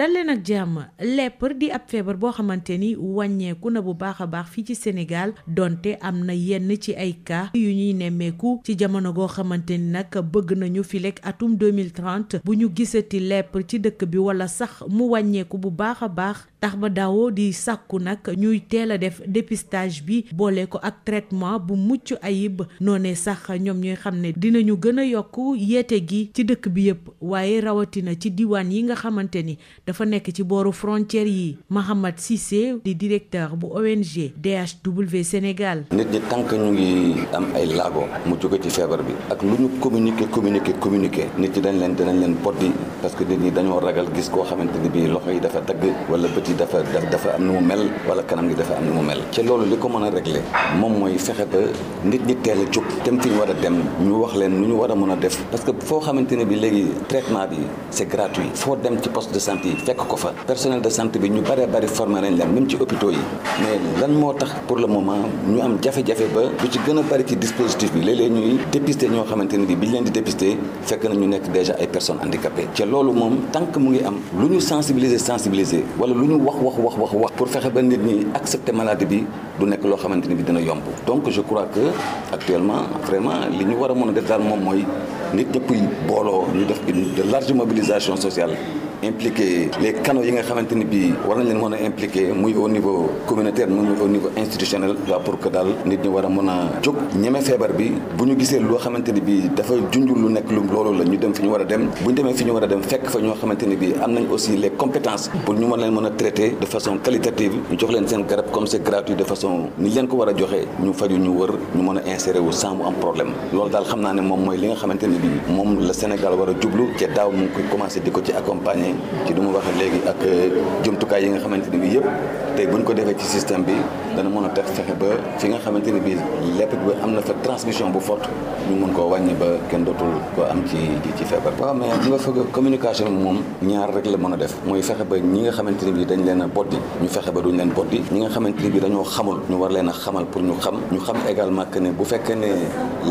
dalee nag jàmm lèpre di ab feebar boo xamante ni wàññeeku na bu baax a baax fii ci Sénégal donte am na yenn ci ay cas yu ñuy nemmeeku ci jamono goo xamante ni nag bëgg nañu fi lekk atum 2030 bu ñu gisati lèpre ci dëkk bi wala sax mu wàññeeku bu baax a baax tax ba daawoo di sàkku nag ñuy teel a def dépistage bi boole ko ak traitement bu mucc ayib noonee sax ñoom ñooy xam ne dinañu gën a yokk yeete gi ci dëkk bi yépp waaye rawatina ci diwaan yi nga xamante ni dafa nekk ci booru frontière yi Mahamad Cissé di directeur bu ONG DHW Sénégal. nit ñi tànk ñu ngi am ay laago mu jóge ci feebar bi ak lu ñu communiqué communiqué communiqué nit ñi dañ leen dinañ leen boddi parce que nit ñi dañoo ragal gis koo xamante ni bii yi dafa dagg yi dafa dafa am na mu mel wala kanam gi dafa am na mu mel ca loolu li ko mën a régler moom mooy fexe ba nit ñi teel a jóg dem fi ñu war a dem ñu wax leen nu ñu war a mën a def parce que foo xamante ne bi léegi traitement bi c'est gratuit foo dem ci poste de santé yi fekk ko fa personnel de santé bi ñu bëree bari formé nañ leen même ci hôpitaux yi mais lan moo tax pour le moment ñu am jafe-jafe ba lu ci gën a bëri ci dispositif bi léeg-léeg ñuy dépister ñoo xamante bi biñ leen di dépister fekk na ñu nekk déjà ay personnes handicapées ca loolu moom tant que mu ngi am lu ñu sensibiliser sensibiliser wala wax wax wax wax wax pour fexe ba nit ñi accepter maladie bi du nekk loo xamante ni bi dina yomb donc je crois que actuellement vraiment li ñu war a mën a def daal moom mooy nit ñëpp booloo ñu def une de large mobilisation sociale impliqué les canaux yi nga xamante ni bii war nañ leen mën a impliqué muy niveau communautaire muy au niveau institutionnel waaw pour que daal nit ñi a mën bi bu ñu gisee loo xamante ni bii dafa junjul lu nekk lu loolu la ñu dem ñu war a dem bu ñu fi ñu war a dem fekk fa ñoo xamante ni bii am nañ aussi les compétences pour ñu mën leen mën a traiter de façon qualitative ñu jox leen seen garab comme c'est gratuit de façon ni leen ko war a joxee ñu faju ñu wër ñu mën a insérer wu sans mu am problème loolu daal xam naa ne moom mooy li nga xamante bi moom la Sénégal war a jublu ca daaw mu ngi koy commencé di ko ci accompagner ci du mu waxee léegi ak euh, jumtukaay yi nga xamante ne bi yëpp tey buñ ko defee ci système bi dana mën a tax fexe ba fi nga xamante ne bi lépp am na fa transmission bu forte ñu mën koo wàññi ba kenn dootul ko am ci ci feebar waaw mais di nga fekk communication bi moom ñaar rek la mën a def mooy fexe ba ñi nga xamante ne bi dañ leen a boddi ñu fexe ba duñ leen boddi ñi nga xamante ne bi dañoo xamul ñu war leen a xamal pour ñu xam ñu xam également que ne bu fekkee ne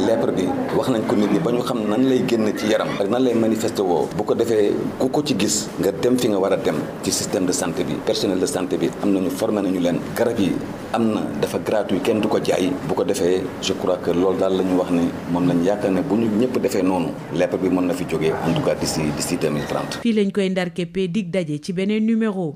lèpre bi wax nañ ko nit ñi ba ñu xam nan lay génn ci yaram ak nan lay manifesté woo bu ko defee ku ko ci gis nga dem fi nga war a dem ci système de santé bi personnel de santé bi am nañu formé nañu leen garab yi am na dafa gratuit kenn du ko jaay bu ko defee je crois que lool daal la ñu wax ni moom lañ yaakaar ne bu ñu ñëpp defee noonu lépp bi mën na fi jógee en tout cas d'ici d'ici 2030 fii lañ koy ndarkeppee dig daje ci beneen numéro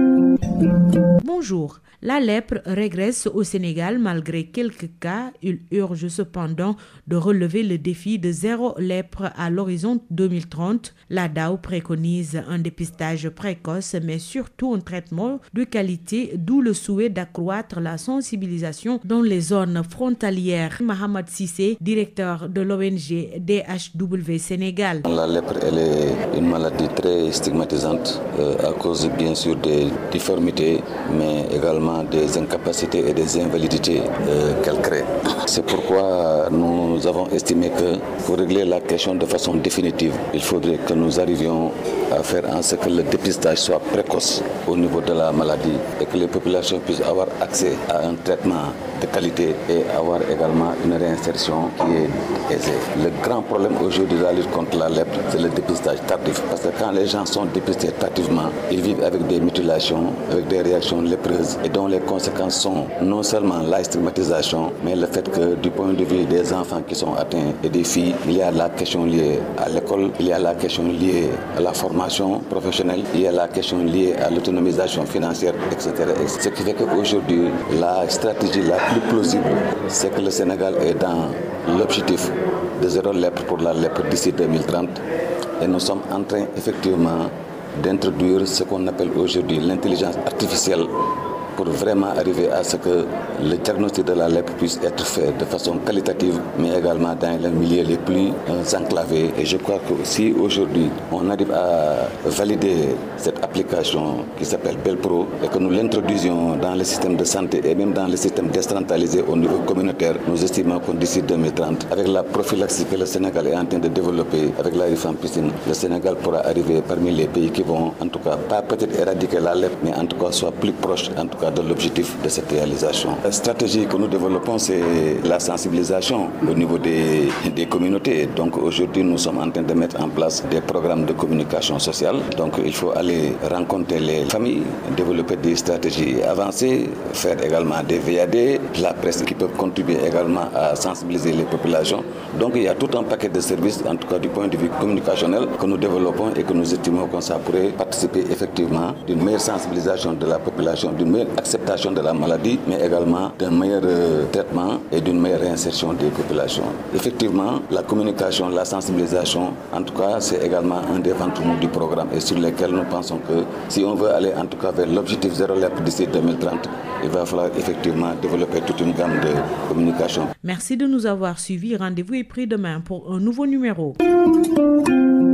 Bonjour. La lèpre régresse au Sénégal malgré quelques cas. Il urge cependant de relever le défi de zéro lèpre à l'horizon 2030. La DAO préconise un dépistage précoce mais surtout un traitement de qualité, d'où le souhait d'accroître la sensibilisation dans les zones frontalières. Mohamed Sissé, directeur de l'ONG DHW Sénégal. La lèpre elle est une maladie très stigmatisante euh, à cause bien sûr des difformités infirmité, mais également des incapacités et des invalidités euh, qu'elle crée. C'est pourquoi nous nous avons estimé que pour régler la question de façon définitive, il faudrait que nous arrivions à faire en sorte que le dépistage soit précoce au niveau de la maladie et que les populations puissent avoir accès à un traitement de qualité et avoir également une réinsertion qui est aisée. Le grand problème aujourd'hui de la lutte contre la lèpre, c'est le dépistage tardif. Parce que quand les gens sont dépistés tardivement, ils vivent avec des mutilations, avec des réactions lépreuses et dont les conséquences sont non seulement la stigmatisation, mais le fait que du point de vue des enfants qui sont atteints et des filles. Il y a la question liée à l'école, il y a la question liée à la formation professionnelle, il y a la question liée à l'autonomisation financière, etc. Ce qui fait qu'aujourd'hui, la stratégie la plus plausible, c'est que le Sénégal est dans l'objectif de zéro lèpre pour la lèpre d'ici 2030 et nous sommes en train effectivement d'introduire ce qu'on appelle aujourd'hui l'intelligence artificielle pour vraiment arriver à ce que le diagnostic de la lèpre puisse être fait de façon qualitative, mais également dans les milieux les plus euh, enclavés. Et je crois que si aujourd'hui on arrive à valider cette application qui s'appelle BelPro et que nous l'introduisions dans le système de santé et même dans le système décentralisé au niveau communautaire, nous estimons qu'on d'ici avec la prophylaxie que le Sénégal est en de développer, avec la de l'objectif de cette réalisation. La stratégie que nous développons, c'est la sensibilisation au niveau des, des communautés. Donc aujourd'hui, nous sommes en train de mettre en place des programmes de communication sociale. Donc il faut aller rencontrer les familles, développer des stratégies avancées, faire également des VAD, la presse qui peuvent contribuer également à sensibiliser les populations. Donc il y a tout un paquet de services, en tout cas du point de vue population, d'une acceptation de la maladie, mais également d'un meilleur euh, traitement et d'une meilleure réinsertion des populations. Effectivement, la communication, la sensibilisation, en tout cas, c'est également un des vents du programme et sur lesquels nous pensons que si on veut aller en tout cas vers l'objectif zéro lèpre d'ici il va falloir développer toute une gamme de communication. Merci de nous avoir suivis. Rendez-vous est pris demain pour un nouveau numéro.